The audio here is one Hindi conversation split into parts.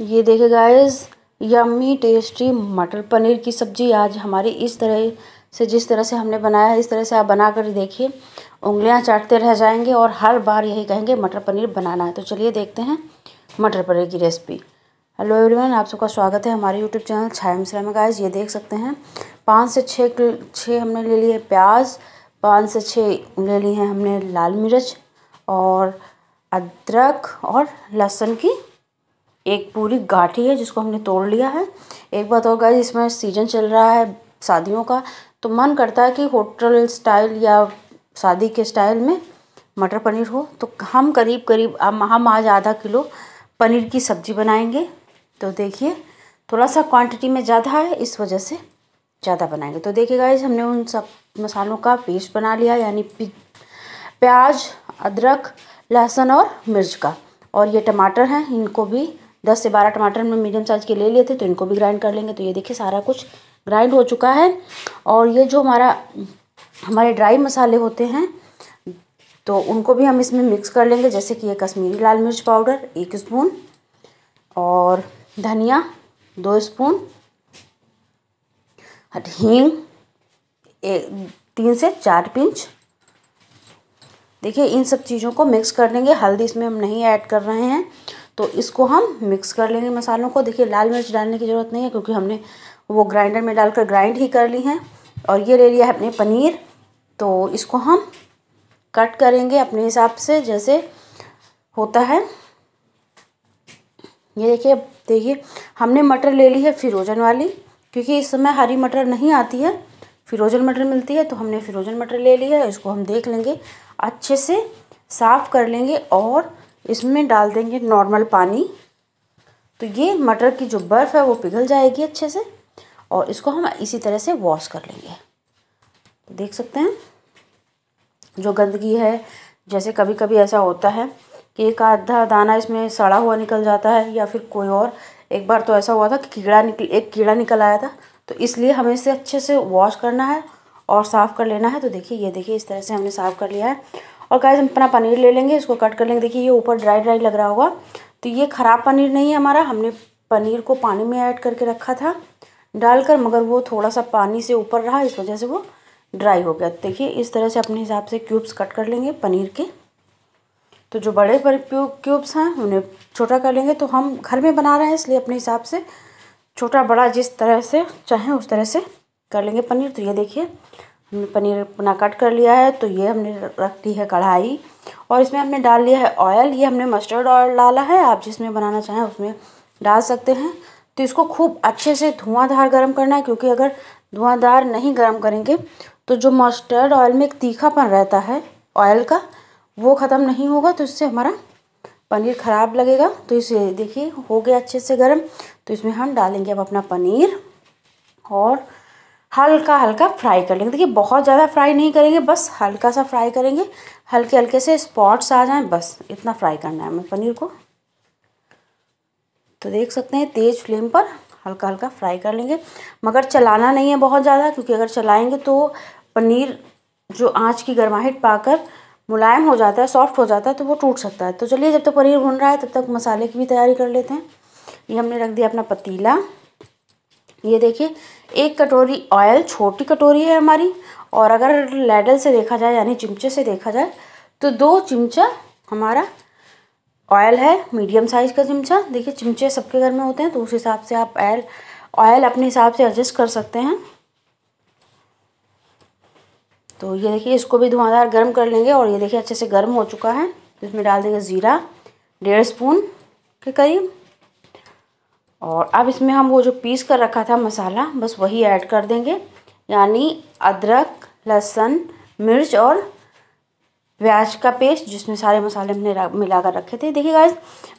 ये देखे guys yummy tasty matar paneer की सब्जी आज हमारी इस तरह से जिस तरह से हमने बनाया है इस तरह से आप बना कर देखिए उंगलियां चाटते रह जाएंगे और हर बार यही कहेंगे मटर पनीर बनाना है तो चलिए देखते हैं मटर पनीर की रेसिपी हेलो एवरीवन आप सबका स्वागत है हमारे यूट्यूब चैनल छाया मिश्रा में गाइस ये देख सकते हैं पाँच से छः छः हमने ले लिए प्याज पाँच से छः ले ली हैं हमने लाल मिर्च और अदरक और लहसुन की एक पूरी गाठी है जिसको हमने तोड़ लिया है एक बात और गाइस इसमें सीजन चल रहा है शादियों का तो मन करता है कि होटल स्टाइल या शादी के स्टाइल में मटर पनीर हो तो हम करीब करीब हम आज आधा किलो पनीर की सब्ज़ी बनाएंगे तो देखिए थोड़ा सा क्वांटिटी में ज़्यादा है इस वजह से ज़्यादा बनाएंगे तो देखिए गाइज हमने उन सब मसालों का पेस्ट बना लिया यानी प्याज अदरक लहसुन और मिर्च का और ये टमाटर हैं इनको भी दस से बारह टमाटर में मीडियम साइज़ के ले लिए थे तो इनको भी ग्राइंड कर लेंगे तो ये देखिए सारा कुछ ग्राइंड हो चुका है और ये जो हमारा हमारे ड्राई मसाले होते हैं तो उनको भी हम इसमें मिक्स कर लेंगे जैसे कि ये कश्मीरी लाल मिर्च पाउडर एक स्पून और धनिया दो स्पून हींग एक तीन से चार पिंच देखिए इन सब चीज़ों को मिक्स कर देंगे हल्दी इसमें हम नहीं ऐड कर रहे हैं तो इसको हम मिक्स कर लेंगे मसालों को देखिए लाल मिर्च डालने की ज़रूरत नहीं है क्योंकि हमने वो ग्राइंडर में डालकर ग्राइंड ही कर ली हैं और ये ले लिया है अपने पनीर तो इसको हम कट करेंगे अपने हिसाब से जैसे होता है ये देखिए देखिए हमने मटर ले ली है फिरोजन वाली क्योंकि इस समय हरी मटर नहीं आती है फिरोजन मटर मिलती है तो हमने फिरोजन मटर ले ली है इसको हम देख लेंगे अच्छे से साफ़ कर लेंगे और इसमें डाल देंगे नॉर्मल पानी तो ये मटर की जो बर्फ़ है वो पिघल जाएगी अच्छे से और इसको हम इसी तरह से वॉश कर लेंगे तो देख सकते हैं जो गंदगी है जैसे कभी कभी ऐसा होता है कि एक आधा दाना इसमें सड़ा हुआ निकल जाता है या फिर कोई और एक बार तो ऐसा हुआ था कि कीड़ा निकल एक कीड़ा निकल आया था तो इसलिए हमें इसे अच्छे से वॉश करना है और साफ़ कर लेना है तो देखिए ये देखिए इस तरह से हमने साफ़ कर लिया है और गाइज हम अपना पनीर ले लेंगे इसको कट कर लेंगे देखिए ये ऊपर ड्राई ड्राई लग रहा होगा तो ये ख़राब पनीर नहीं है हमारा हमने पनीर को पानी में ऐड करके रखा था डालकर मगर वो थोड़ा सा पानी से ऊपर रहा इस वजह से वो ड्राई हो गया देखिए इस तरह से अपने हिसाब से क्यूब्स कट कर लेंगे पनीर के तो जो बड़े बड़े क्यूब्स हैं उन्हें छोटा कर लेंगे तो हम घर में बना रहे हैं इसलिए अपने हिसाब से छोटा बड़ा जिस तरह से चाहें उस तरह से कर लेंगे पनीर तो ये देखिए पनीर अपना कट कर लिया है तो ये हमने रख दी है कढ़ाई और इसमें हमने डाल लिया है ऑयल ये हमने मस्टर्ड ऑयल डाला है आप जिसमें बनाना चाहें उसमें डाल सकते हैं तो इसको खूब अच्छे से धुआंधार गर्म करना है क्योंकि अगर धुआंधार नहीं गर्म करेंगे तो जो मस्टर्ड ऑयल में एक तीखापन रहता है ऑयल का वो ख़त्म नहीं होगा तो इससे हमारा पनीर ख़राब लगेगा तो इसे देखिए हो गया अच्छे से गर्म तो इसमें हम डालेंगे अब अपना पनीर और हल्का हल्का फ्राई कर लेंगे देखिए बहुत ज़्यादा फ्राई नहीं करेंगे बस हल्का सा फ्राई करेंगे हल्के हल्के से स्पॉट्स आ जाएं बस इतना फ्राई करना है हमें पनीर को तो देख सकते हैं तेज़ फ्लेम पर हल्का हल्का फ्राई कर लेंगे मगर चलाना नहीं है बहुत ज़्यादा क्योंकि अगर चलाएंगे तो पनीर जो आँच की गर्माहट पाकर मुलायम हो जाता है सॉफ्ट हो जाता है तो वो टूट सकता है तो चलिए जब तक तो पनीर भुन रहा है तब तक मसाले की भी तैयारी कर लेते हैं ये हमने रख दिया अपना पतीला ये देखिए एक कटोरी ऑयल छोटी कटोरी है हमारी और अगर लेडल से देखा जाए यानी चिमचे से देखा जाए तो दो चिमचा हमारा ऑयल है मीडियम साइज़ का चिमचा देखिए चिमचे सबके घर में होते हैं तो उस हिसाब से आप ऑयल ऑयल अपने हिसाब से एडजस्ट कर सकते हैं तो ये देखिए इसको भी धुआंधार गर्म कर लेंगे और ये देखिए अच्छे से गर्म हो चुका है इसमें डाल देंगे ज़ीरा डेढ़ स्पून के करीब और अब इसमें हम वो जो पीस कर रखा था मसाला बस वही ऐड कर देंगे यानी अदरक लहसुन मिर्च और प्याज का पेस्ट जिसमें सारे मसाले हमने मिला कर रखे थे देखिए गाइस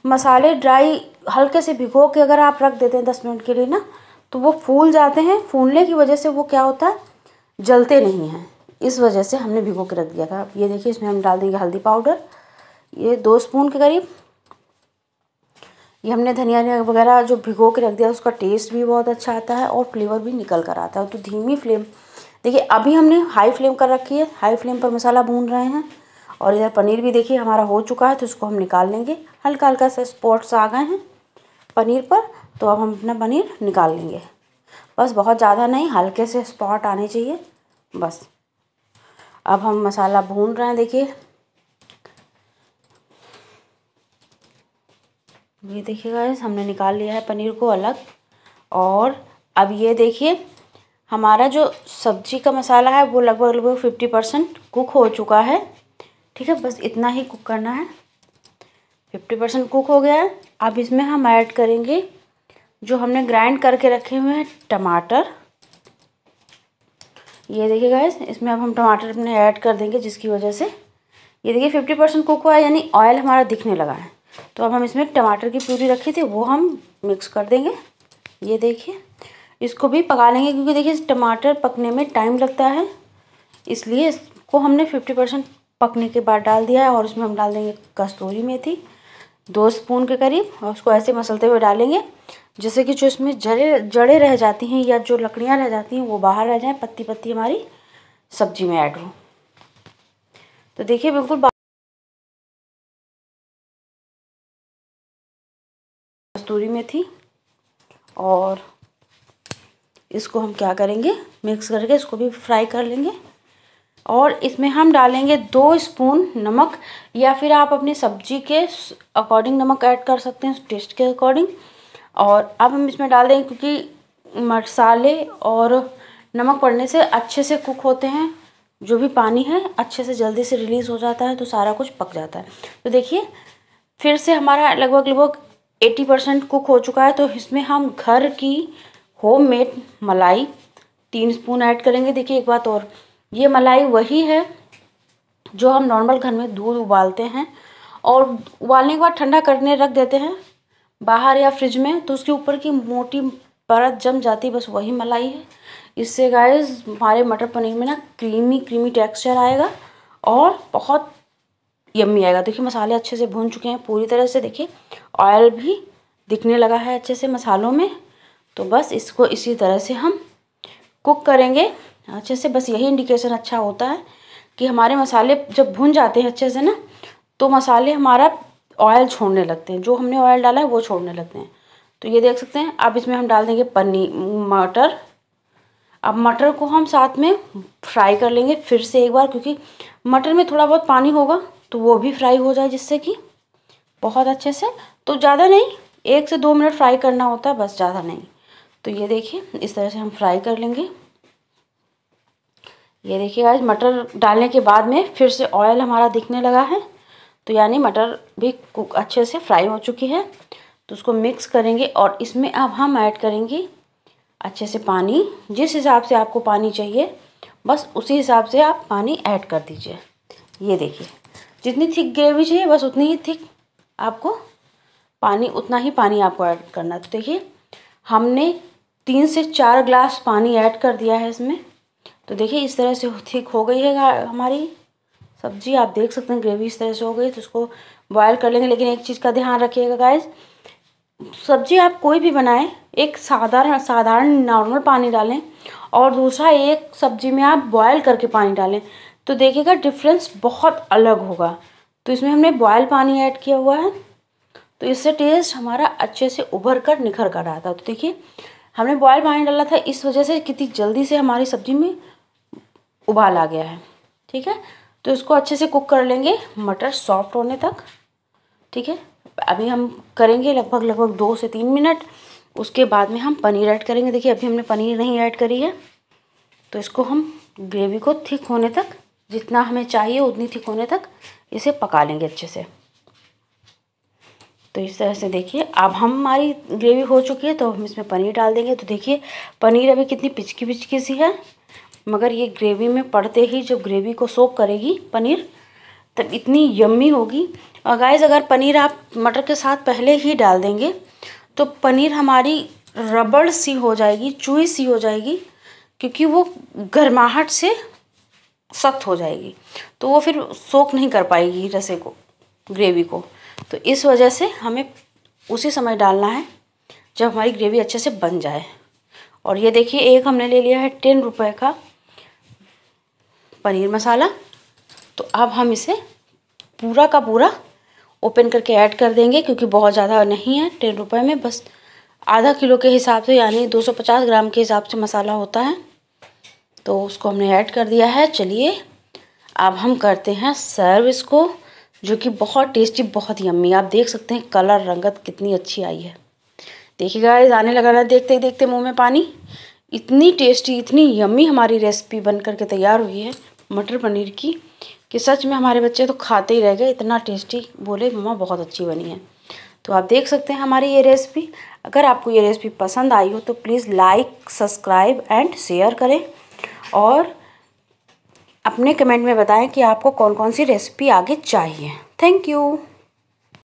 मसाले ड्राई हल्के से भिगो के अगर आप रख देते हैं दस मिनट के लिए ना तो वो फूल जाते हैं फूलने की वजह से वो क्या होता है जलते नहीं हैं इस वजह से हमने भिगो के रख दिया था ये देखिए इसमें हम डाल देंगे हल्दी पाउडर ये दो स्पून के करीब ये हमने धनिया वगैरह जो भिगो के रख दिया उसका टेस्ट भी बहुत अच्छा आता है और फ्लेवर भी निकल कर आता है तो धीमी फ्लेम देखिए अभी हमने हाई फ्लेम कर रखी है हाई फ्लेम पर मसाला भून रहे हैं और इधर पनीर भी देखिए हमारा हो चुका है तो उसको हम निकाल लेंगे हल्का हल्का सा स्पॉट्स आ गए हैं पनीर पर तो अब हम अपना पनीर निकाल लेंगे बस बहुत ज़्यादा नहीं हल्के से स्पॉट आने चाहिए बस अब हम मसाला भून रहे हैं देखिए ये देखिए गाइस हमने निकाल लिया है पनीर को अलग और अब ये देखिए हमारा जो सब्जी का मसाला है वो लगभग लगभग फिफ्टी परसेंट कुक हो चुका है ठीक है बस इतना ही कुक करना है फिफ्टी परसेंट कुक हो गया है अब इसमें हम ऐड करेंगे जो हमने ग्राइंड करके रखे हुए हैं टमाटर ये देखिए गाइस इसमें अब हम टमाटर अपने ऐड कर देंगे जिसकी वजह से ये देखिए फिफ्टी परसेंट कुक हुआ है यानी ऑयल हमारा दिखने लगा है तो अब हम इसमें टमाटर की प्यूरी रखी थी वो हम मिक्स कर देंगे ये देखिए इसको भी पका लेंगे क्योंकि देखिए टमाटर पकने में टाइम लगता है इसलिए इसको हमने फिफ्टी परसेंट पकने के बाद डाल दिया है और उसमें हम डाल देंगे कस्तूरी मेथी दो स्पून के करीब और उसको ऐसे मसलते हुए डालेंगे जैसे कि जो इसमें जड़े जड़े रह जाती हैं या जो लकड़ियाँ रह जाती हैं वो बाहर रह जाएँ पत्ती पत्ती हमारी सब्जी में ऐड हो तो देखिए बिल्कुल में थी और इसको हम क्या करेंगे मिक्स करके इसको भी फ्राई कर लेंगे और इसमें हम डालेंगे दो स्पून नमक या फिर आप अपनी सब्जी के अकॉर्डिंग नमक ऐड कर सकते हैं टेस्ट के अकॉर्डिंग और अब हम इसमें डाल देंगे क्योंकि मसाले और नमक पड़ने से अच्छे से कुक होते हैं जो भी पानी है अच्छे से जल्दी से रिलीज़ हो जाता है तो सारा कुछ पक जाता है तो देखिए फिर से हमारा लगभग लगभग एटी परसेंट कुक हो चुका है तो इसमें हम घर की होम मेड मलाई तीन स्पून ऐड करेंगे देखिए एक बात और ये मलाई वही है जो हम नॉर्मल घर में दूध उबालते हैं और उबालने के बाद ठंडा करने रख देते हैं बाहर या फ्रिज में तो उसके ऊपर की मोटी परत जम जाती बस वही मलाई है इससे गाय हमारे मटर पनीर में ना क्रीमी क्रीमी टेक्सचर आएगा और बहुत यम्मी आएगा देखिए मसाले अच्छे से भून चुके हैं पूरी तरह से देखिए ऑयल भी दिखने लगा है अच्छे से मसालों में तो बस इसको इसी तरह से हम कुक करेंगे अच्छे से बस यही इंडिकेशन अच्छा होता है कि हमारे मसाले जब भून जाते हैं अच्छे से ना तो मसाले हमारा ऑयल छोड़ने लगते हैं जो हमने ऑयल डाला है वो छोड़ने लगते हैं तो ये देख सकते हैं अब इसमें हम डाल देंगे पनी मटर अब मटर को हम साथ में फ्राई कर लेंगे फिर से एक बार क्योंकि मटर में थोड़ा बहुत पानी होगा तो वो भी फ्राई हो जाए जिससे कि बहुत अच्छे से तो ज़्यादा नहीं एक से दो मिनट फ्राई करना होता है बस ज़्यादा नहीं तो ये देखिए इस तरह से हम फ्राई कर लेंगे ये देखिए आज मटर डालने के बाद में फिर से ऑयल हमारा दिखने लगा है तो यानी मटर भी कुक अच्छे से फ्राई हो चुकी है तो उसको मिक्स करेंगे और इसमें अब हम ऐड करेंगे अच्छे से पानी जिस हिसाब से आपको पानी चाहिए बस उसी हिसाब से आप पानी ऐड कर दीजिए ये देखिए जितनी थिक ग्रेवी चाहिए बस उतनी ही थिक आपको पानी उतना ही पानी आपको ऐड करना है तो देखिए हमने तीन से चार ग्लास पानी ऐड कर दिया है इसमें तो देखिए इस तरह से थिक हो गई है हमारी सब्जी आप देख सकते हैं ग्रेवी इस तरह से हो गई तो उसको बॉयल कर लेंगे लेकिन एक चीज़ का ध्यान रखिएगा गाइस सब्जी आप कोई भी बनाएं एक साधारण साधारण नॉर्मल पानी डालें और दूसरा एक सब्जी में आप बॉयल करके पानी डालें तो देखिएगा डिफरेंस बहुत अलग होगा तो इसमें हमने बॉयल पानी ऐड किया हुआ है तो इससे टेस्ट हमारा अच्छे से उभर कर निखर कर रहा था तो देखिए हमने बॉयल पानी डाला था इस वजह से कितनी जल्दी से हमारी सब्ज़ी में उबाल आ गया है ठीक है तो इसको अच्छे से कुक कर लेंगे मटर सॉफ्ट होने तक ठीक है अभी हम करेंगे लगभग लगभग दो से तीन मिनट उसके बाद में हम पनीर ऐड करेंगे देखिए अभी हमने पनीर नहीं ऐड करी है तो इसको हम ग्रेवी को थिक होने तक जितना हमें चाहिए उतनी ठीक होने तक इसे पका लेंगे अच्छे से तो इस तरह से देखिए अब हमारी ग्रेवी हो चुकी है तो हम इसमें पनीर डाल देंगे तो देखिए पनीर अभी कितनी पिचकी पिचकी सी है मगर ये ग्रेवी में पड़ते ही जब ग्रेवी को सोक करेगी पनीर तब इतनी यम्मी होगी और गाइज अगर पनीर आप मटर के साथ पहले ही डाल देंगे तो पनीर हमारी रबड़ सी हो जाएगी चुई सी हो जाएगी क्योंकि वो गर्माहट से सख्त हो जाएगी तो वो फिर सोख नहीं कर पाएगी रसे को ग्रेवी को तो इस वजह से हमें उसी समय डालना है जब हमारी ग्रेवी अच्छे से बन जाए और ये देखिए एक हमने ले लिया है टेन रुपए का पनीर मसाला तो अब हम इसे पूरा का पूरा ओपन करके ऐड कर देंगे क्योंकि बहुत ज़्यादा नहीं है टेन रुपये में बस आधा किलो के हिसाब से यानी 250 ग्राम के हिसाब से मसाला होता है तो उसको हमने ऐड कर दिया है चलिए अब हम करते हैं सर्व इसको जो कि बहुत टेस्टी बहुत यम्मी आप देख सकते हैं कलर रंगत कितनी अच्छी आई है देखिए गाइस आने लगा ना देखते ही देखते मुंह में पानी इतनी टेस्टी इतनी यम्मी हमारी रेसिपी बन करके तैयार हुई है मटर पनीर की कि सच में हमारे बच्चे तो खाते ही रह गए इतना टेस्टी बोले मम्मा बहुत अच्छी बनी है तो आप देख सकते हैं हमारी ये रेसिपी अगर आपको ये रेसिपी पसंद आई हो तो please like subscribe and share करें और अपने कमेंट में बताएं कि आपको कौन कौन सी रेसिपी आगे चाहिए थैंक यू